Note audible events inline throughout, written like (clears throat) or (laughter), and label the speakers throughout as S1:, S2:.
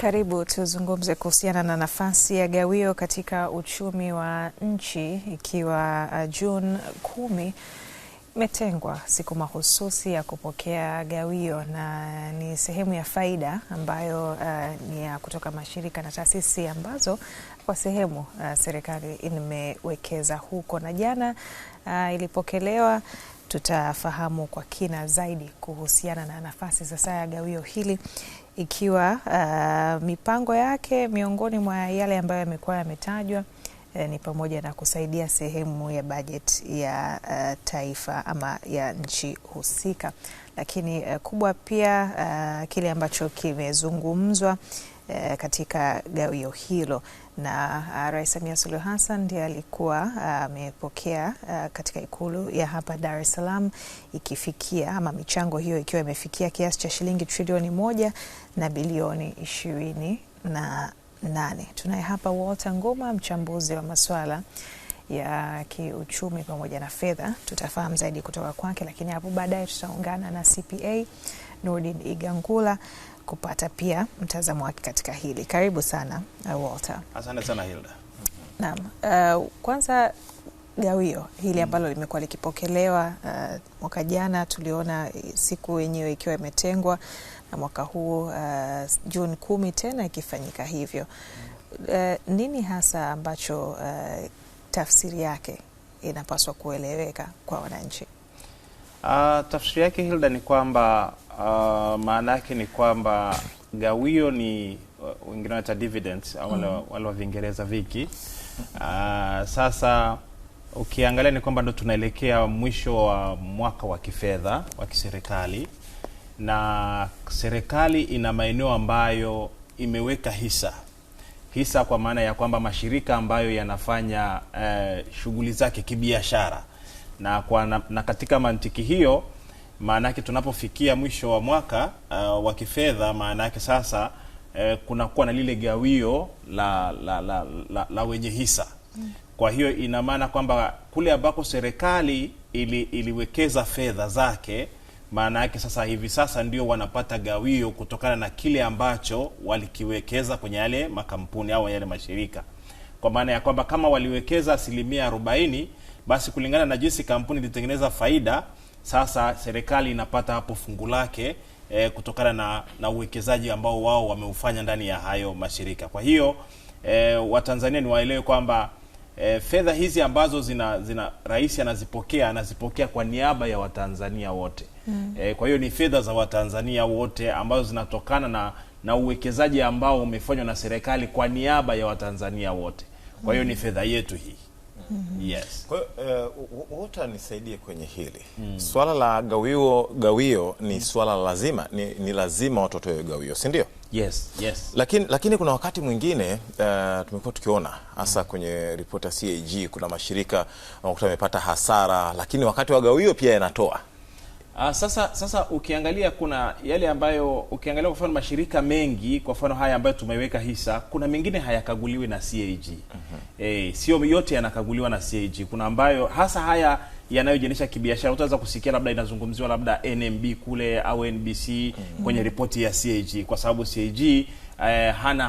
S1: Karibu tuzungumze kuhusiana na nafasi ya gawio katika uchumi wa nchi, ikiwa uh, Juni kumi imetengwa siku mahususi ya kupokea gawio na ni sehemu ya faida ambayo uh, ni ya kutoka mashirika na taasisi ambazo kwa sehemu uh, serikali imewekeza huko, na jana uh, ilipokelewa. Tutafahamu kwa kina zaidi kuhusiana na nafasi sasa ya gawio hili ikiwa uh, mipango yake miongoni mwa yale ambayo yamekuwa yametajwa eh, ni pamoja na kusaidia sehemu ya bajeti ya uh, taifa ama ya nchi husika lakini uh, kubwa pia uh, kile ambacho kimezungumzwa uh, katika gawio hilo na uh, Rais Samia Suluhu Hassan ndiye alikuwa ah, amepokea uh, uh, katika Ikulu ya hapa Dar es Salaam, ikifikia ama michango hiyo ikiwa imefikia kiasi cha shilingi trilioni moja na bilioni ishirini na nane. Tunaye hapa Walter Nguma, mchambuzi wa masuala ya kiuchumi pamoja na fedha, tutafahamu zaidi kutoka kwake, lakini hapo baadaye tutaungana na CPA Nurdin Igangula kupata pia mtazamo wake katika hili. Karibu sana uh, Walter.
S2: Asante sana Hilda.
S1: Naam, uh, kwanza gawio hili ambalo mm. limekuwa likipokelewa uh, mwaka jana tuliona siku yenyewe ikiwa imetengwa na mwaka huu uh, Juni kumi tena ikifanyika hivyo. Uh, nini hasa ambacho uh, tafsiri yake inapaswa kueleweka kwa wananchi?
S2: Uh, tafsiri yake Hilda, ni kwamba uh, maana yake ni kwamba gawio ni ah, wengine wanaita dividends au mm. wale wa Viingereza viki uh, sasa ukiangalia ni kwamba ndo tunaelekea mwisho wa mwaka wa kifedha wa kiserikali, na serikali ina maeneo ambayo imeweka hisa hisa kwa maana ya kwamba mashirika ambayo yanafanya eh, shughuli zake kibiashara na, kwa na, na katika mantiki hiyo maana yake tunapofikia mwisho wa mwaka uh, wa kifedha maana yake sasa eh, kunakuwa na lile gawio la la, la, la, la wenye hisa Kwa hiyo ina maana kwamba kule ambako serikali ili, iliwekeza fedha zake maana yake sasa hivi sasa ndio wanapata gawio kutokana na kile ambacho walikiwekeza kwenye yale makampuni au yale mashirika, kwa maana ya kwamba kama waliwekeza asilimia arobaini, basi kulingana na jinsi kampuni ilitengeneza faida, sasa serikali inapata hapo fungu lake e, kutokana na, na uwekezaji ambao wao wameufanya ndani ya hayo mashirika. Kwa hiyo e, Watanzania ni waelewe kwamba e, fedha hizi ambazo zina, zina rais anazipokea anazipokea kwa niaba ya Watanzania wote mm. E, kwa hiyo ni fedha za Watanzania wote ambazo zinatokana na na uwekezaji ambao umefanywa na serikali kwa niaba ya Watanzania wote. Kwa hiyo mm. ni fedha yetu hii. -hmm. Yes.
S3: Kwa uh, eh, Wota nisaidie kwenye hili mm. Swala la gawio gawio ni mm. swala lazima ni, ni lazima watu watoe gawio si ndio?
S2: Yes, yes.
S3: Lakini, lakini kuna wakati mwingine uh, tumekuwa tukiona hasa kwenye ripoti ya CAG kuna mashirika unakuta amepata hasara, lakini wakati wa gawio pia yanatoa
S2: Uh, sasa sasa ukiangalia kuna yale ambayo ukiangalia kwa mfano mashirika mengi kwa mfano haya ambayo tumeweka hisa, kuna mengine hayakaguliwi na CAG. Uh-huh. Mhm. Eh, sio yote yanakaguliwa na CAG. Kuna ambayo hasa haya yanayojiendesha kibiashara, utaweza kusikia labda inazungumziwa labda NMB kule au NBC mm-hmm. kwenye ripoti ya CAG kwa sababu CAG eh, hana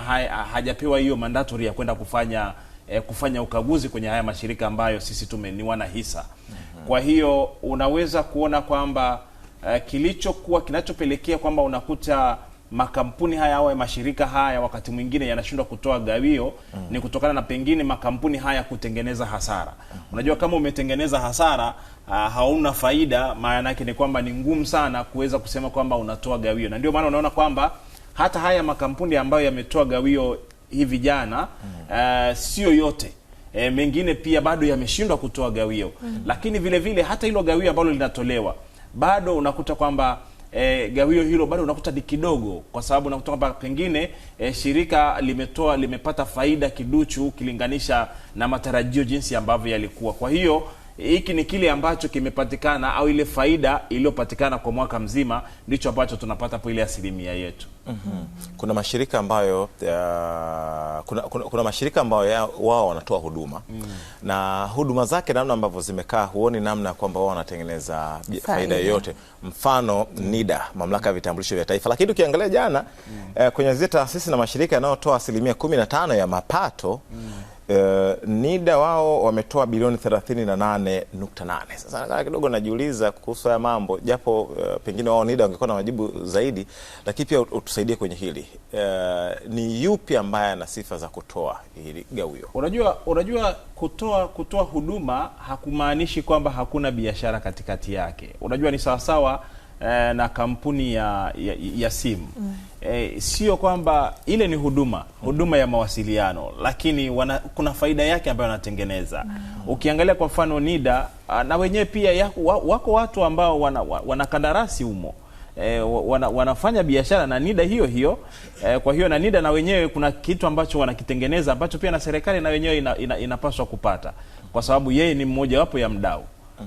S2: hajapewa hiyo mandatory ya kwenda kufanya eh, kufanya ukaguzi kwenye haya mashirika ambayo sisi tumeniwa na hisa. Mm-hmm. Kwa hiyo unaweza kuona kwamba uh, kilichokuwa kinachopelekea kwamba unakuta makampuni haya au mashirika haya wakati mwingine yanashindwa kutoa gawio mm. ni kutokana na pengine makampuni haya kutengeneza hasara mm. Unajua, kama umetengeneza hasara uh, hauna faida, maana yake ni kwamba ni ngumu sana kuweza kusema kwamba unatoa gawio, na ndio maana unaona kwamba hata haya makampuni ambayo yametoa gawio hivi jana mm. uh, sio yote e, mengine pia bado yameshindwa kutoa gawio mm. Lakini vile vile hata hilo gawio ambalo linatolewa bado unakuta kwamba e, gawio hilo bado unakuta ni kidogo, kwa sababu unakuta kwamba pengine e, shirika limetoa limepata faida kiduchu ukilinganisha na matarajio jinsi ambavyo yalikuwa. Kwa hiyo hiki ni kile ambacho kimepatikana au ile faida iliyopatikana kwa mwaka mzima, ndicho ambacho tunapata hapo ile asilimia yetu. mm
S3: -hmm. Kuna mashirika ambayo uh, kuna, kuna, kuna mashirika ambayo wao wanatoa huduma mm -hmm. na huduma zake namna ambavyo zimekaa, huoni namna kwamba wao wanatengeneza faida yoyote. Mfano mm. NIDA, mamlaka ya vitambulisho vya taifa, lakini ukiangalia jana mm -hmm. uh, kwenye zile taasisi na mashirika yanayotoa asilimia kumi na tano ya mapato mm -hmm. Eh, NIDA wao wametoa bilioni 38.8. Sasa nakaa kidogo najiuliza kuhusu haya mambo japo, uh, pengine wao NIDA wangekuwa na majibu zaidi, lakini pia utusaidie kwenye hili uh, ni yupi ambaye ana sifa za kutoa hili gawio?
S2: Unajua, unajua kutoa kutoa huduma hakumaanishi kwamba hakuna biashara katikati yake. Unajua ni sawasawa eh, na kampuni ya, ya, ya simu mm. Eh, sio kwamba ile ni huduma huduma ya mawasiliano, lakini wana, kuna faida yake ambayo wanatengeneza mm. Ukiangalia kwa mfano NIDA ah, na wenyewe pia ya, wako watu ambao wana, wana kandarasi humo E, wana, wanafanya biashara na NIDA hiyo hiyo e, kwa hiyo na NIDA na wenyewe kuna kitu ambacho wanakitengeneza ambacho pia na serikali na wenyewe ina, ina, inapaswa kupata, kwa sababu yeye ni wapo ya mdau.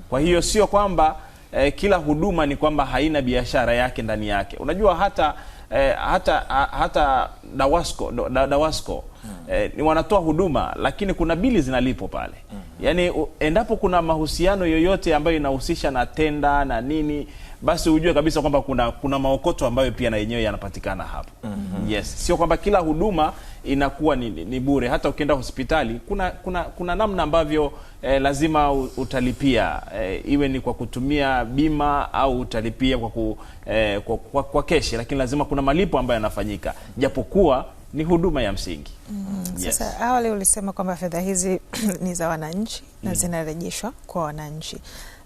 S2: Kwa hiyo sio kwamba eh, kila huduma ni kwamba haina biashara yake ndani yake. Unajua hata eh, hata hata Dawasco da, Dawasco mm. eh, ni wanatoa huduma lakini kuna bili zinalipo pale mm. Yaani endapo kuna mahusiano yoyote ambayo inahusisha na tenda na nini basi ujue kabisa kwamba kuna kuna maokoto ambayo pia na yenyewe yanapatikana hapo. mm -hmm. Yes, sio kwamba kila huduma inakuwa ni, ni bure. Hata ukienda hospitali kuna kuna kuna namna ambavyo eh, lazima utalipia eh, iwe ni kwa kutumia bima au utalipia kwa, ku, eh, kwa, kwa, kwa keshi, lakini lazima kuna malipo ambayo yanafanyika japokuwa ni huduma ya msingi. mm, yes. Sasa
S1: awali ulisema kwamba fedha hizi (clears throat) ni za wananchi na mm. zinarejeshwa kwa wananchi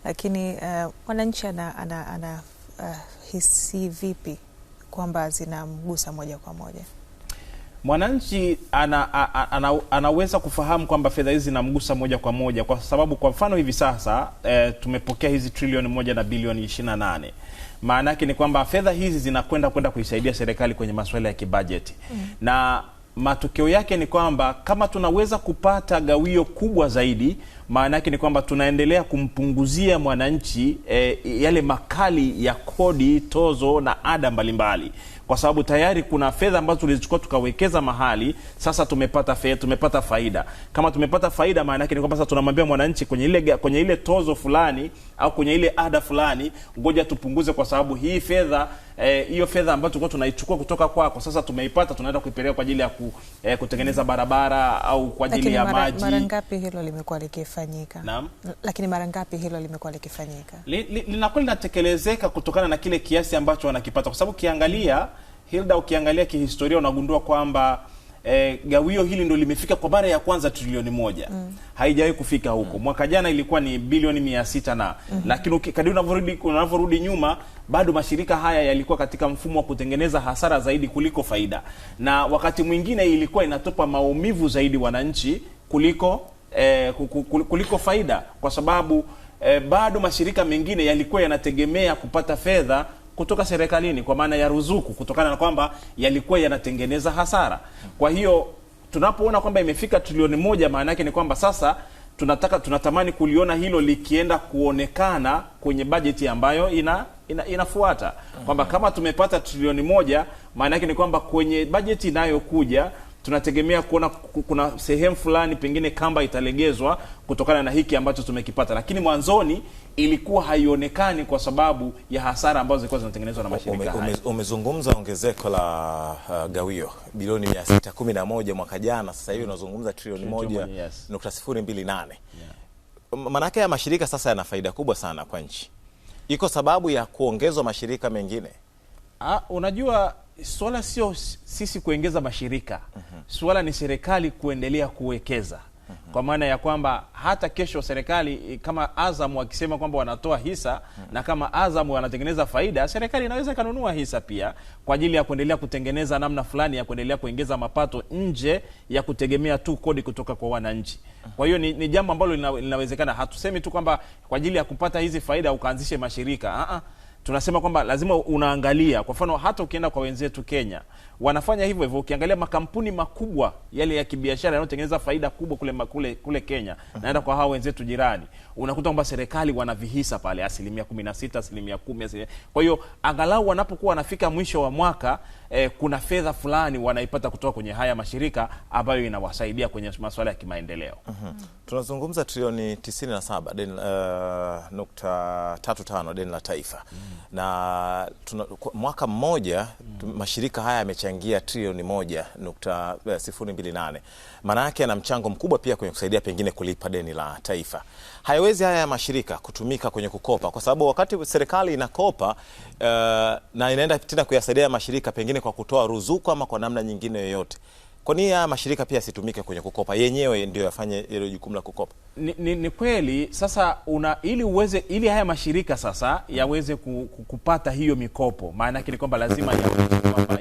S1: lakini uh, mwananchi ana, ana, ana uh, hisi vipi kwamba zinamgusa moja kwa moja?
S2: Mwananchi ana, ana, ana, anaweza kufahamu kwamba fedha hizi zinamgusa moja kwa moja kwa sababu kwa mfano hivi sasa eh, tumepokea hizi trilioni moja na bilioni 28. Maana yake ni kwamba fedha hizi zinakwenda kwenda kuisaidia serikali kwenye masuala ya kibajeti mm. na matokeo yake ni kwamba kama tunaweza kupata gawio kubwa zaidi maana yake ni kwamba tunaendelea kumpunguzia mwananchi e, yale makali ya kodi, tozo na ada mbalimbali kwa sababu tayari kuna fedha ambazo tulizichukua tukawekeza mahali, sasa tumepata fe, tumepata faida. Kama tumepata faida, maana yake ni kwamba sasa tunamwambia mwananchi kwenye ile kwenye ile tozo fulani au kwenye ile ada fulani, ngoja tupunguze, kwa sababu hii fedha eh, hiyo e, fedha ambayo tulikuwa tunaichukua kutoka kwako, sasa tumeipata, tunaenda kuipeleka kwa ajili ya ku, eh, kutengeneza barabara au kwa ajili ya maji. Mara
S1: ngapi hilo limekuwa likifa likifanyika naam. Lakini mara ngapi hilo limekuwa likifanyika?
S2: Linakuwa li, linatekelezeka kutokana na kile kiasi ambacho wanakipata, kwa sababu ukiangalia Hilda, ukiangalia kihistoria unagundua kwamba E, gawio hili ndo limefika kwa mara ya kwanza trilioni moja mm. Haijawahi kufika huko mm. Mwaka jana ilikuwa ni bilioni mia sita na mm -hmm. Lakini kadri unavyorudi unavyorudi nyuma bado mashirika haya yalikuwa katika mfumo wa kutengeneza hasara zaidi kuliko faida, na wakati mwingine ilikuwa inatupa maumivu zaidi wananchi kuliko eh, kuliko faida, kwa sababu eh, bado mashirika mengine yalikuwa yanategemea kupata fedha kutoka serikalini kwa maana ya ruzuku, kutokana na kwamba yalikuwa yanatengeneza hasara. Kwa hiyo tunapoona kwamba imefika trilioni moja, maana yake ni kwamba sasa tunataka tunatamani kuliona hilo likienda kuonekana kwenye bajeti ambayo ina, ina inafuata kwamba kama tumepata trilioni moja, maana yake ni kwamba kwenye bajeti inayokuja tunategemea kuona kuna sehemu fulani pengine kamba italegezwa kutokana na hiki ambacho tumekipata, lakini mwanzoni ilikuwa haionekani kwa sababu ya hasara ambazo zilikuwa zinatengenezwa na mashirika haya.
S3: Umezungumza ongezeko la uh, gawio bilioni 611 mwaka jana, sasa hivi unazungumza trilioni 1.028. Maanake ya mashirika sasa yana faida kubwa sana kwa nchi. Iko sababu ya kuongezwa mashirika mengine?
S2: Ha, ah, unajua swala sio sisi kuengeza mashirika uh mhm. -huh. Swala ni serikali kuendelea kuwekeza uh mhm. -huh. Kwa maana ya kwamba hata kesho serikali eh, kama Azam wakisema kwamba wanatoa hisa uh mhm. -huh. Na kama Azam wanatengeneza faida, serikali inaweza ikanunua hisa pia kwa ajili ya kuendelea kutengeneza namna fulani ya kuendelea kuengeza mapato nje ya kutegemea tu kodi kutoka kwa wananchi uh -huh. Kwa hiyo ni, ni jambo ambalo linawezekana. Hatusemi tu kwamba kwa ajili ya kupata hizi faida ukaanzishe mashirika uh -uh tunasema kwamba lazima unaangalia, kwa mfano hata ukienda kwa wenzetu Kenya wanafanya hivyo hivyo. Ukiangalia makampuni makubwa yale ya kibiashara yanayotengeneza faida kubwa kule kule, kule Kenya naenda kwa hawa wenzetu jirani, unakuta kwamba serikali wana vihisa pale asilimia kumi na sita asilimia kumi. Kwa hiyo angalau wanapokuwa wanafika mwisho wa mwaka eh, kuna fedha fulani wanaipata kutoka kwenye haya mashirika ambayo inawasaidia kwenye masuala ya kimaendeleo. mm
S3: Tunazungumza trilioni 97 uh, eh, nukta tatu tano deni la taifa mm na tuna, mwaka mmoja mm mashirika haya yamecha anachangia trilioni moja nukta eh, sifuri mbili nane. Maana yake ana mchango mkubwa pia kwenye kusaidia pengine kulipa deni la taifa. Hayawezi haya ya mashirika kutumika kwenye kukopa, kwa sababu wakati serikali inakopa uh, na inaenda tena kuyasaidia mashirika pengine kwa kutoa ruzuku ama kwa namna nyingine yoyote kwa nini haya mashirika pia yasitumike kwenye kukopa, yenyewe ndio yafanye hilo jukumu la kukopa?
S2: Ni, ni, ni kweli. Sasa una ili uweze ili haya mashirika sasa yaweze ku, ku, kupata hiyo mikopo, maana yake ni kwamba lazima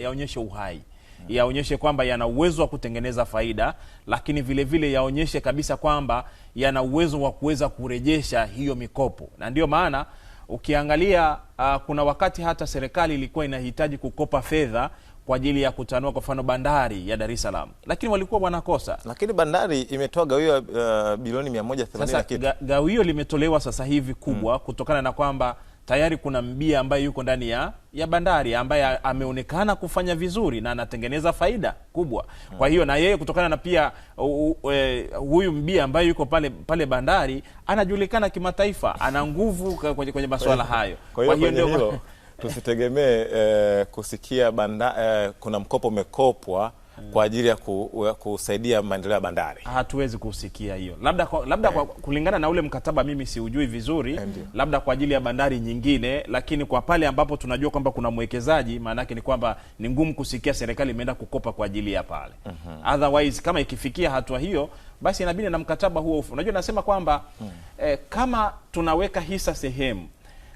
S2: yaonyeshe uhai yaonyeshe kwamba yana uwezo wa kutengeneza faida, lakini vile vile yaonyeshe kabisa kwamba yana uwezo wa kuweza kurejesha hiyo mikopo. Na ndio maana ukiangalia, uh, kuna wakati hata serikali ilikuwa inahitaji kukopa fedha kwa ajili ya kutanua kwa mfano bandari ya Dar es Salaam, lakini walikuwa wanakosa.
S3: Lakini bandari imetoa gawio uh, bilioni mia Ga,
S2: gawio limetolewa sasa hivi kubwa mm, kutokana na kwamba tayari kuna mbia ambaye yuko ndani ya, ya bandari ambaye ameonekana kufanya vizuri na anatengeneza faida kubwa. Mm. Kwa hiyo na yeye kutokana na pia e, huyu mbia ambaye yuko pale pale bandari anajulikana kimataifa, ana nguvu kwenye, kwenye masuala hayo.
S3: Kwa hiyo ndio tusitegemee eh, kusikia banda, eh, kuna mkopo umekopwa kwa ajili ya ku, kusaidia maendeleo ya bandari.
S2: Hatuwezi kusikia hiyo, labda kwa, labda kwa, eh. kulingana na ule mkataba mimi siujui vizuri Endio, eh, labda kwa ajili ya bandari nyingine, lakini kwa pale ambapo tunajua kwamba kuna mwekezaji, maana yake ni kwamba ni ngumu kusikia serikali imeenda kukopa kwa ajili ya pale hmm. Otherwise kama ikifikia hatua hiyo basi inabidi na mkataba huo Unajua nasema kwamba hmm, eh, kama tunaweka hisa sehemu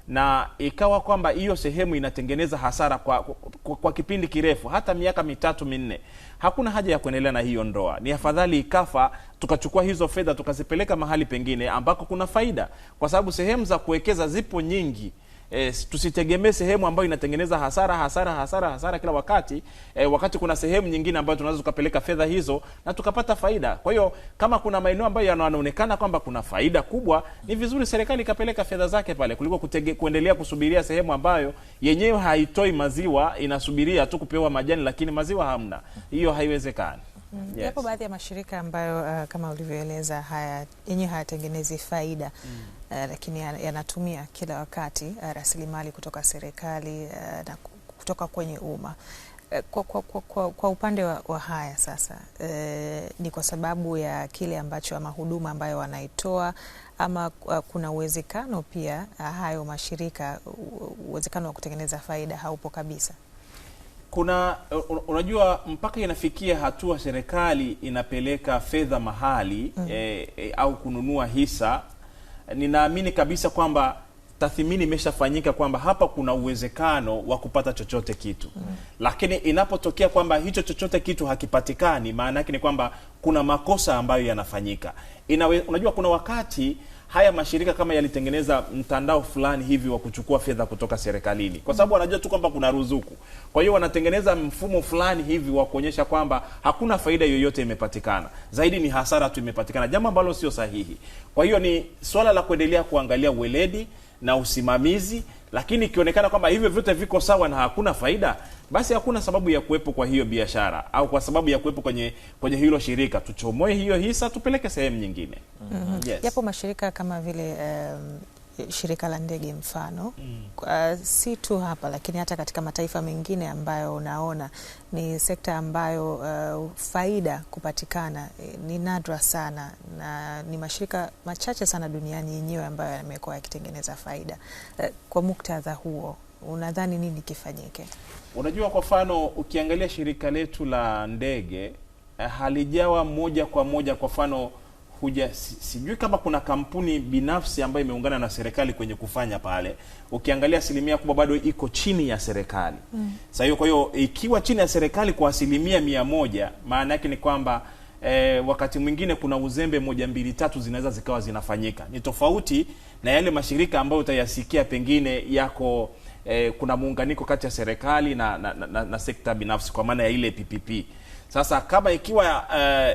S2: na ikawa kwamba hiyo sehemu inatengeneza hasara kwa, kwa, kwa kipindi kirefu, hata miaka mitatu minne, hakuna haja ya kuendelea na hiyo ndoa. Ni afadhali ikafa, tukachukua hizo fedha tukazipeleka mahali pengine ambako kuna faida, kwa sababu sehemu za kuwekeza zipo nyingi e, tusitegemee sehemu ambayo inatengeneza hasara hasara hasara hasara kila wakati e, wakati kuna sehemu nyingine ambayo tunaweza tukapeleka fedha hizo na tukapata faida. Kwa hiyo kama kuna maeneo ambayo yanaonekana kwamba kuna faida kubwa, ni vizuri serikali ikapeleka fedha zake pale kuliko kutege, kuendelea kusubiria sehemu ambayo yenyewe haitoi maziwa, inasubiria tu kupewa majani, lakini maziwa hamna. Hiyo haiwezekani.
S1: Mm. Yes. Yapo baadhi ya mashirika ambayo uh, kama ulivyoeleza haya yenyewe hayatengenezi faida mm. uh, lakini yanatumia kila wakati uh, rasilimali kutoka serikali uh, na kutoka kwenye umma uh, kwa, kwa, kwa, kwa, kwa upande wa, wa haya sasa uh, ni kwa sababu ya kile ambacho ama huduma ambayo wanaitoa ama uh, kuna uwezekano pia uh, hayo mashirika uwezekano wa kutengeneza faida haupo kabisa?
S2: kuna unajua, mpaka inafikia hatua serikali inapeleka fedha mahali mm. e, e, au kununua hisa, ninaamini kabisa kwamba tathmini imeshafanyika kwamba hapa kuna uwezekano wa kupata chochote kitu mm. Lakini inapotokea kwamba hicho chochote kitu hakipatikani, maana yake ni kwamba kuna makosa ambayo yanafanyika. unajua kuna wakati haya mashirika kama yalitengeneza mtandao fulani hivi wa kuchukua fedha kutoka serikalini, kwa sababu wanajua tu kwamba kuna ruzuku. Kwa hiyo wanatengeneza mfumo fulani hivi wa kuonyesha kwamba hakuna faida yoyote imepatikana, zaidi ni hasara tu imepatikana, jambo ambalo sio sahihi. Kwa hiyo ni swala la kuendelea kuangalia weledi na usimamizi, lakini ikionekana kwamba hivyo vyote viko sawa na hakuna faida basi hakuna sababu ya kuwepo kwa hiyo biashara au kwa sababu ya kuwepo kwenye kwenye hilo shirika, tuchomoe hiyo hisa tupeleke sehemu nyingine. mm -hmm. Yes.
S1: Yapo mashirika kama vile um, shirika la ndege mfano mm. Uh, si tu hapa lakini hata katika mataifa mengine ambayo unaona ni sekta ambayo uh, faida kupatikana eh, ni nadra sana, na ni mashirika machache sana duniani yenyewe ambayo yamekuwa yakitengeneza faida. Uh, kwa muktadha huo unadhani nini kifanyike?
S2: Unajua, kwa mfano ukiangalia shirika letu la ndege eh, halijawa moja kwa moja, kwa mfano huja, sijui kama kuna kampuni binafsi ambayo imeungana na serikali kwenye kufanya pale. Ukiangalia asilimia kubwa bado iko chini ya serikali mm. Sasa kwa hiyo ikiwa chini ya serikali kwa asilimia mia moja, maana yake ni kwamba E, wakati mwingine kuna uzembe moja mbili tatu zinaweza zikawa zinafanyika, ni tofauti na yale mashirika ambayo utayasikia pengine yako eh, kuna muunganiko kati ya serikali na, na, na, na sekta binafsi kwa maana ya ile PPP. Sasa kama ikiwa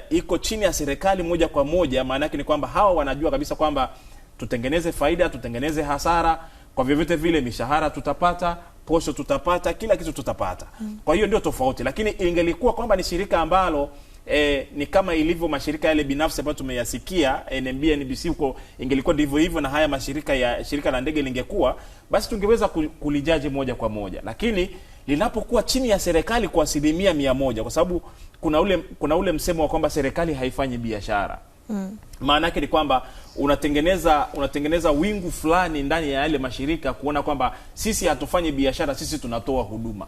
S2: uh, iko chini ya serikali moja kwa moja, maana yake ni kwamba hawa wanajua kabisa kwamba tutengeneze faida, tutengeneze hasara, kwa vyovyote vile mishahara tutapata, posho tutapata, kila kitu tutapata. Hmm. Kwa hiyo ndio tofauti, lakini ingelikuwa kwamba ni shirika ambalo e, ni kama ilivyo mashirika yale binafsi ambayo tumeyasikia eh, NMB, NBC huko, ingelikuwa ndivyo hivyo na haya mashirika ya shirika la ndege lingekuwa, basi tungeweza kulijaji moja kwa moja, lakini linapokuwa chini ya serikali kwa asilimia mia moja, kwa sababu kuna ule kuna ule msemo wa kwamba serikali haifanyi biashara mm. Maana yake ni kwamba unatengeneza unatengeneza wingu fulani ndani ya yale mashirika kuona kwamba sisi hatufanyi biashara, sisi tunatoa huduma.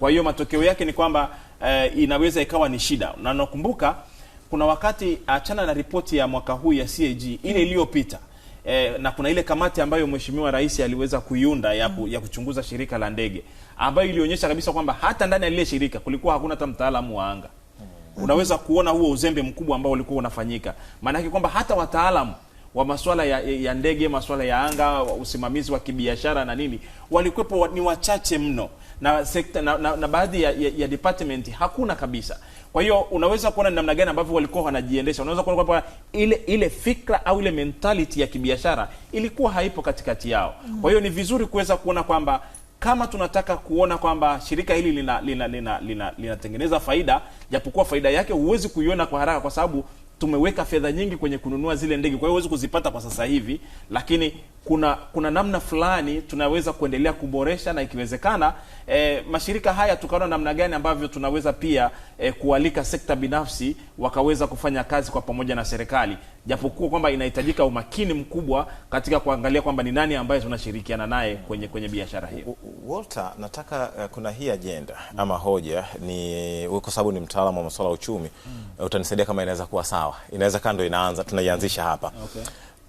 S2: Kwa hiyo matokeo yake ni kwamba eh, inaweza ikawa ni shida, na nakumbuka kuna wakati, achana na ripoti ya mwaka huu ya CAG ile mm. iliyopita eh, na kuna ile kamati ambayo mheshimiwa rais aliweza kuiunda ya, mm. ku, ya kuchunguza shirika la ndege ambayo ilionyesha kabisa kwamba hata ndani ya lile shirika kulikuwa hakuna hata mtaalamu wa anga. Mm. Unaweza kuona huo uzembe mkubwa ambao ulikuwa unafanyika, maanake kwamba hata wataalamu wa masuala ya, ya ndege, masuala ya anga, usimamizi wa kibiashara na nini, walikwepo ni wachache mno na sekta na, na, na baadhi ya, ya, ya department hakuna kabisa. Kwa hiyo unaweza kuona namna gani ambavyo walikuwa wanajiendesha. Unaweza kuona kwamba ile ile fikra au ile mentality ya kibiashara ilikuwa haipo katikati yao. Kwa hiyo ni vizuri kuweza kuona kwamba kama tunataka kuona kwamba shirika hili linatengeneza lina, lina, lina, lina faida, japokuwa faida yake huwezi kuiona kwa haraka kwa sababu tumeweka fedha nyingi kwenye kununua zile ndege, kwa hiyo huwezi kuzipata kwa sasa hivi, lakini kuna kuna namna fulani tunaweza kuendelea kuboresha na ikiwezekana e, mashirika haya tukaona namna gani ambavyo tunaweza pia e, kualika sekta binafsi wakaweza kufanya kazi kwa pamoja na serikali, japokuwa kwamba inahitajika umakini mkubwa katika kuangalia kwamba ni nani ambaye tunashirikiana naye kwenye kwenye biashara hiyo.
S3: Walter, nataka uh, kuna hii ajenda ama hoja ni kwa sababu ni mtaalamu wa masuala ya uchumi mm. utanisaidia kama inaweza kuwa sawa, inaweza kaa ndo inaanza tunaianzisha hapa okay.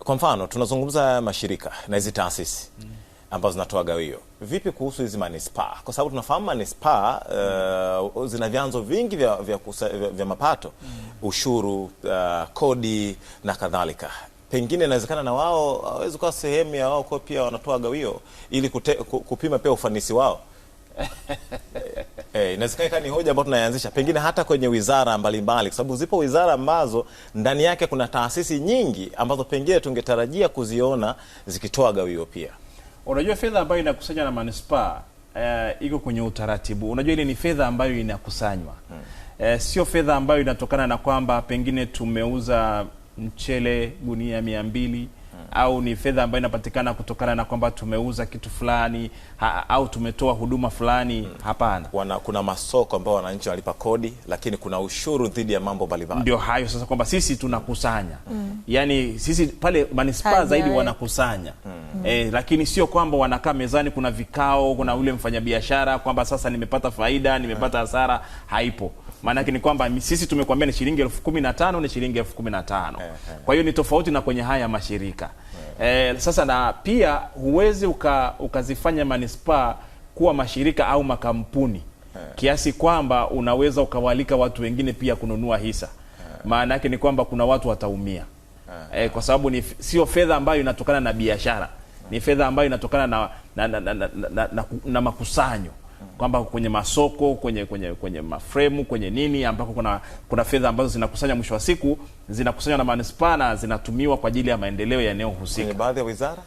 S3: Kwa mfano tunazungumza mashirika na hizi taasisi mm. ambazo zinatoa gawio. Vipi kuhusu hizi manispaa? Kwa sababu tunafahamu manispaa uh, eh, zina vyanzo vingi vya, vya, kusa, vya, vya mapato mm. ushuru, uh, kodi na kadhalika. Pengine inawezekana na wao awezi kuwa sehemu ya wao kwa pia wanatoa gawio ili kute, kupima pia ufanisi wao (laughs) Eh, inawezekana ikawa ni hoja ambayo tunaianzisha pengine hata kwenye wizara mbalimbali, kwa sababu zipo wizara ambazo ndani yake kuna taasisi nyingi ambazo pengine tungetarajia kuziona zikitoa gawio pia.
S2: Unajua, fedha ambayo inakusanywa na manispaa uh, iko kwenye utaratibu. Unajua, ile ni fedha ambayo inakusanywa hmm. Uh, sio fedha ambayo inatokana na kwamba pengine tumeuza mchele gunia mia mbili au ni fedha ambayo inapatikana kutokana na kwamba tumeuza kitu fulani ha, au tumetoa huduma fulani hmm. Hapana,
S3: wana, kuna masoko ambayo wananchi wanalipa kodi, lakini kuna ushuru dhidi ya mambo mbalimbali.
S2: Ndio hayo sasa, kwamba sisi tunakusanya hmm. yani sisi pale manispaa zaidi wanakusanya hmm. hmm. eh, lakini sio kwamba wanakaa mezani, kuna vikao, kuna ule mfanyabiashara kwamba sasa nimepata faida, nimepata hmm. hasara hmm. haipo maanake ni kwamba sisi tumekwambia ni shilingi elfu kumi na tano ni shilingi elfu kumi na tano eh, eh. Kwa hiyo ni tofauti na kwenye haya mashirika. E, sasa na pia huwezi uka, ukazifanya manispaa kuwa mashirika au makampuni eh. kiasi kwamba unaweza ukawalika watu wengine pia kununua hisa. Eh. Maana yake ni kwamba kuna watu wataumia e, kwa sababu ni sio fedha ambayo inatokana na biashara, ni fedha ambayo inatokana na, na, na, na, na, na, na, na makusanyo kwamba kwenye masoko kwenye kwenye kwenye mafremu kwenye nini ambako kuna kuna fedha ambazo zinakusanya mwisho wa siku zinakusanywa na manispaa na zinatumiwa kwa ajili ya maendeleo ya eneo husika. Kwenye
S3: baadhi ya wizara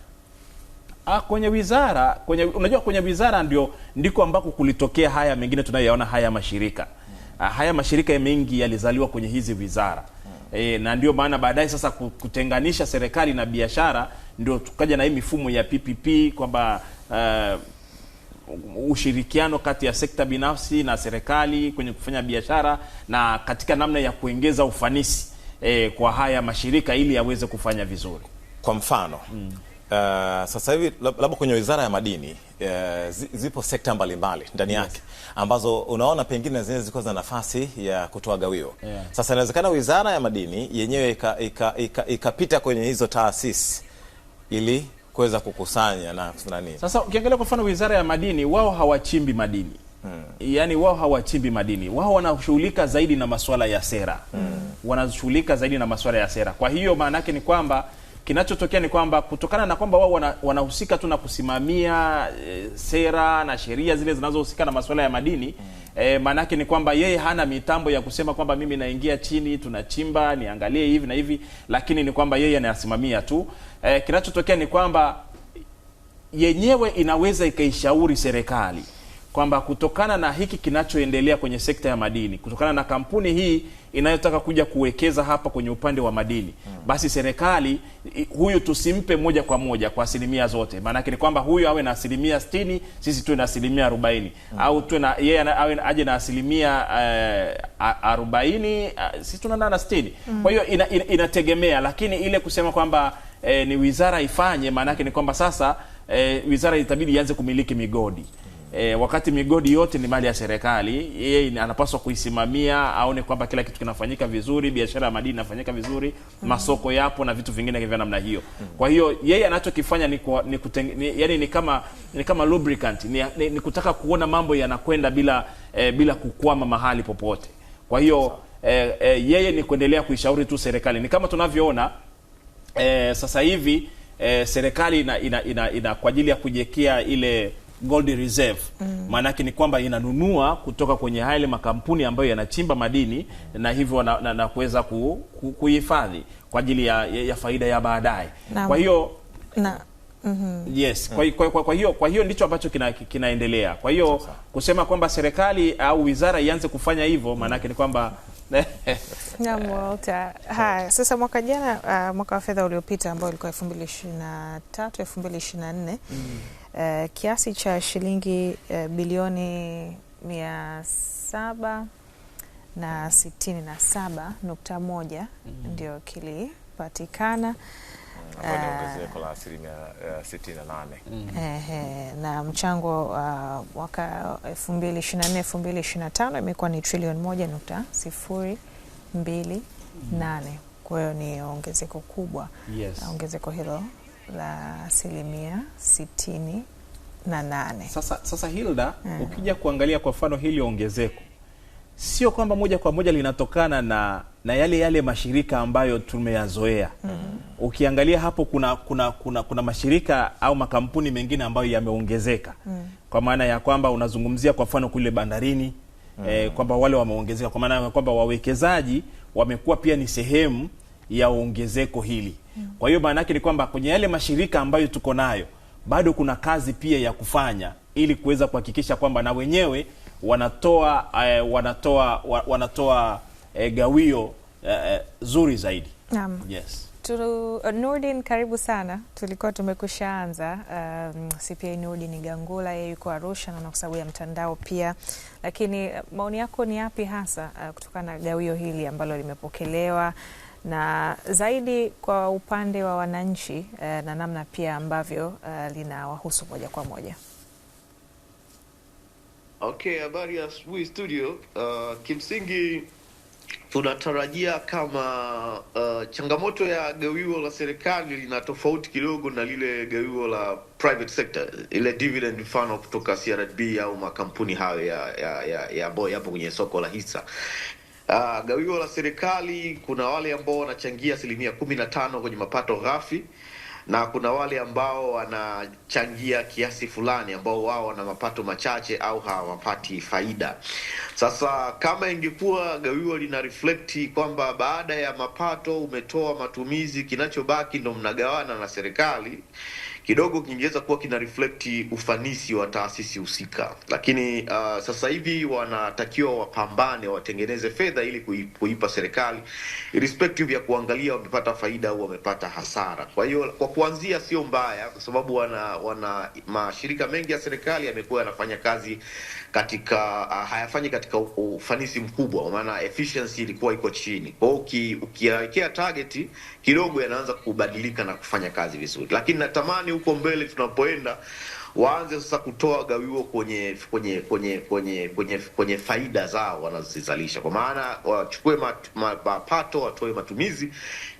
S2: Ah, kwenye wizara kwenye unajua kwenye wizara ndio ndiko ambako kulitokea haya mengine tunayoyaona haya mashirika ah, haya mashirika mengi yalizaliwa kwenye hizi wizara E, na ndio maana baadaye sasa kutenganisha serikali na biashara ndio tukaja na hii mifumo ya PPP kwamba uh, ushirikiano kati ya sekta binafsi na serikali kwenye kufanya biashara na katika namna ya kuongeza ufanisi eh, kwa haya mashirika ili yaweze kufanya vizuri.
S3: Kwa mfano mm. Uh, sasa hivi labda kwenye Wizara ya Madini uh, zipo sekta mbalimbali ndani yes. yake ambazo unaona pengine zenyewe zilikuwa za nafasi ya kutoa gawio yeah. Sasa inawezekana Wizara ya Madini yenyewe ikapita kwenye hizo taasisi ili kuweza kukusanya na nani.
S2: Sasa ukiangalia kwa mfano Wizara ya Madini, wao hawachimbi madini Hmm. Yaani wao hawachimbi madini, wao wanashughulika zaidi na masuala ya sera hmm. Wanashughulika zaidi na masuala ya sera. Kwa hiyo maana yake ni kwamba kinachotokea ni kwamba kutokana na kwamba wao wana, wanahusika tu na kusimamia e, sera na sheria zile zinazohusika na masuala ya madini hmm. E, maanake ni kwamba yeye hana mitambo ya kusema kwamba mimi naingia chini tunachimba niangalie hivi na hivi, lakini ni kwamba yeye anayasimamia tu. E, kinachotokea ni kwamba yenyewe inaweza ikaishauri serikali kwamba kutokana na hiki kinachoendelea kwenye sekta ya madini, kutokana na kampuni hii inayotaka kuja kuwekeza hapa kwenye upande wa madini, hmm. basi serikali huyu tusimpe moja kwa moja kwa asilimia zote. Maanake ni kwamba huyu awe na asilimia sitini, sisi tuwe na asilimia arobaini hmm. au tuwe na yeye awe aje na asilimia eh, arobaini, sisi tunaenda na hmm. Kwa hiyo ina, ina, inategemea, lakini ile kusema kwamba eh, ni wizara ifanye, maanake ni kwamba sasa eh, wizara itabidi ianze kumiliki migodi e, wakati migodi yote ni mali ya serikali, yeye anapaswa kuisimamia, aone kwamba kila kitu kinafanyika vizuri, biashara ya madini inafanyika vizuri, mm. masoko yapo na vitu vingine vya namna hiyo. Mm. Kwa hiyo yeye anachokifanya ni, kwa, ni, kuteng, ni, yani ni kama ni kama lubricant ni, ni, ni kutaka kuona mambo yanakwenda bila eh, bila kukwama mahali popote. Kwa hiyo eh, eh, yeye ni kuendelea kuishauri tu serikali, ni kama tunavyoona eh, sasa hivi eh, serikali ina, ina, ina, ina kwa ajili ya kujekea ile gold reserve maana yake mm. ni kwamba inanunua kutoka kwenye yale makampuni ambayo yanachimba madini na hivyo na, na, na kuweza kuhifadhi ku, kwa ajili ya, ya, ya faida ya baadaye. Kwa hiyo na Mm -hmm. Yes, kwa, kwa, kwa, kwa hiyo kwa hiyo ndicho ambacho kina, kinaendelea. Kwa hiyo kusema kwamba serikali au wizara ianze kufanya hivyo maana ni kwamba
S1: (laughs) Haya, sasa mwaka jana uh, mwaka wa fedha uliopita ambao ulikuwa 2023 2024 mm. Eh, kiasi cha shilingi uh, bilioni mia saba na sitini na saba nukta moja mm. ndio kilipatikana
S3: eh, ongezeko la asilimia sitini na nane
S1: mhm. na mchango wa uh, mwaka na tano imekuwa ni trilioni moja nukta sifuri mbili nane. Mhm. Kwa hiyo ni ongezeko kubwa, yes. Ongezeko hilo la asilimia sitini na nane.
S3: Sasa, sasa Hilda, mm. ukija kuangalia kwa mfano hili ongezeko sio kwamba moja kwa moja linatokana na na yale yale mashirika ambayo tumeyazoea. mm Ukiangalia hapo kuna, kuna, kuna, kuna mashirika au makampuni mengine ambayo yameongezeka mm kwa maana ya kwamba unazungumzia kwa mfano kule bandarini mm eh, kwamba wale wameongezeka kwa maana ya kwamba wawekezaji wamekuwa pia ni sehemu ya ongezeko hili Mm. Kwa hiyo maana yake ni kwamba kwenye yale mashirika ambayo tuko nayo bado kuna kazi pia ya kufanya ili kuweza kuhakikisha kwamba na wenyewe wanatoa eh, wanatoa wanatoa eh, gawio eh, eh, zuri zaidi.
S1: Naam. Yes. Turu, uh, Nurdin karibu sana. Tulikuwa tumekushaanza um, CPA Nurdin Igangula, yeye yuko Arusha na kwa sababu ya mtandao pia, lakini uh, maoni yako ni yapi hasa uh, kutokana na gawio hili ambalo limepokelewa na zaidi kwa upande wa wananchi eh, na namna pia ambavyo eh, linawahusu moja kwa moja.
S4: Okay, habari ya asubuhi studio. Uh, kimsingi tunatarajia kama uh, changamoto ya gawio la serikali lina tofauti kidogo na lile gawio la private sector, ile dividend mfano kutoka CRDB au makampuni hayo ya, ya, ya, ya yapo kwenye soko la hisa Uh, gawio la serikali, kuna wale ambao wanachangia asilimia kumi na tano kwenye mapato ghafi na kuna wale ambao wanachangia kiasi fulani, ambao wao wana mapato machache au hawapati faida. Sasa kama ingekuwa gawio lina reflect kwamba baada ya mapato umetoa matumizi, kinachobaki ndo mnagawana na serikali kidogo kingeweza kuwa kina reflect ufanisi wa taasisi husika, lakini uh, sasa hivi wanatakiwa wapambane, watengeneze fedha ili kuipa serikali irrespective ya kuangalia wamepata faida au wamepata hasara. Kwa hiyo kwa kuanzia sio mbaya, kwa sababu wana, wana mashirika mengi ya serikali yamekuwa yanafanya kazi katika uh, hayafanyi katika ufanisi mkubwa, kwa maana efficiency ilikuwa iko chini. Kwa hiyo ukiwekea target kidogo, yanaanza kubadilika na kufanya kazi vizuri, lakini natamani huko mbele tunapoenda waanze sasa kutoa gawio kwenye kwenye kwenye kwenye kwenye kwenye faida zao wanazozizalisha, kwa maana wachukue mapato ma, watoe matumizi,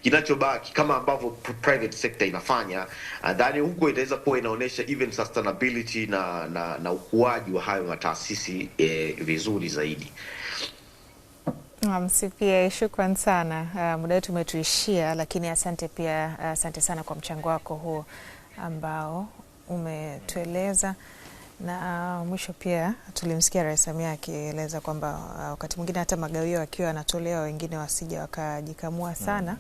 S4: kinachobaki kama ambavyo private sector inafanya. Nadhani uh, huko itaweza kuwa inaonyesha even sustainability na na, na ukuaji wa hayo mataasisi eh, vizuri zaidi.
S1: Msipia, shukran sana. Uh, muda wetu umetuishia, lakini asante pia, uh, asante sana kwa mchango wako huo ambao umetueleza na uh, mwisho pia tulimsikia Rais Samia akieleza kwamba uh, wakati mwingine hata magawio akiwa anatolewa wengine wasija wakajikamua mm. sana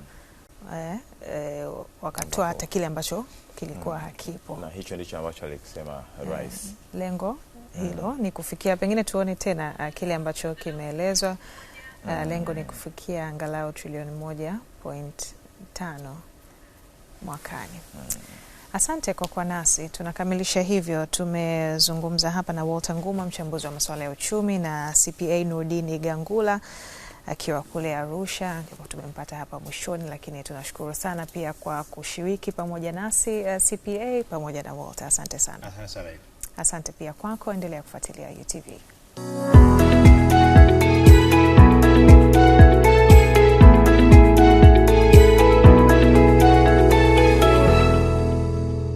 S1: mm. eh, eh, wakatoa hata kile ambacho kilikuwa mm. hakipo, na
S3: hicho ndicho ambacho alikisema eh, rais. eh,
S1: Lengo mm. hilo mm. ni kufikia, pengine tuone tena uh, kile ambacho kimeelezwa uh, mm. lengo ni kufikia angalau trilioni moja point tano mwakani mm. Asante kwa kuwa nasi. Tunakamilisha hivyo. Tumezungumza hapa na Walter Nguma, mchambuzi wa masuala ya uchumi, na CPA Nurdin Gangula akiwa kule Arusha, ndipo tumempata hapa mwishoni. Lakini tunashukuru sana pia kwa kushiriki pamoja nasi uh, eh, CPA pamoja na Walter, asante sana. Asante pia kwako, endelea kufuatilia UTV.